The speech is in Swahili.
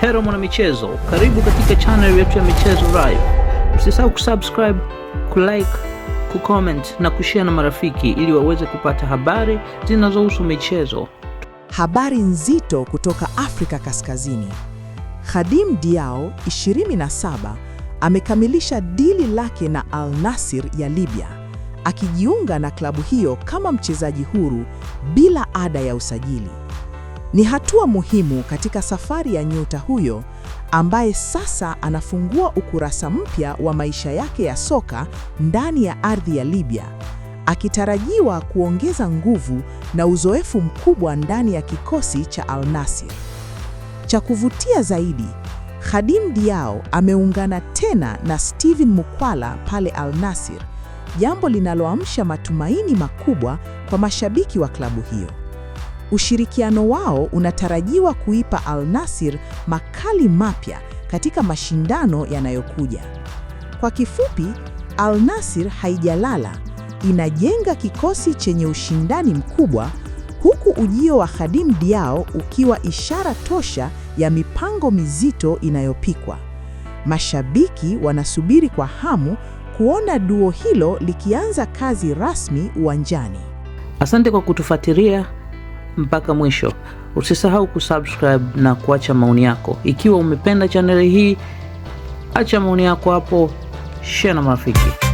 Hero mwana michezo, karibu katika channel yetu ya Michezo Live. Msisahau kusubscribe, kulike, kucomment na kushare na marafiki ili waweze kupata habari zinazohusu michezo. Habari nzito kutoka Afrika Kaskazini. Khadim Diao, 27, amekamilisha dili lake na Al Nassr ya Libya akijiunga na klabu hiyo kama mchezaji huru bila ada ya usajili. Ni hatua muhimu katika safari ya nyota huyo ambaye sasa anafungua ukurasa mpya wa maisha yake ya soka ndani ya ardhi ya Libya, akitarajiwa kuongeza nguvu na uzoefu mkubwa ndani ya kikosi cha Al Nassr. Cha kuvutia zaidi, Khadim Diaw ameungana tena na Steven Mukwala pale Al Nassr jambo linaloamsha matumaini makubwa kwa mashabiki wa klabu hiyo. Ushirikiano wao unatarajiwa kuipa Al Nassr makali mapya katika mashindano yanayokuja. Kwa kifupi, Al Nassr haijalala, inajenga kikosi chenye ushindani mkubwa, huku ujio wa Khadim Diao ukiwa ishara tosha ya mipango mizito inayopikwa. Mashabiki wanasubiri kwa hamu kuona duo hilo likianza kazi rasmi uwanjani. Asante kwa kutufuatilia mpaka mwisho. Usisahau kusubscribe na kuacha maoni yako. Ikiwa umependa chaneli hii, acha maoni yako hapo, share na marafiki.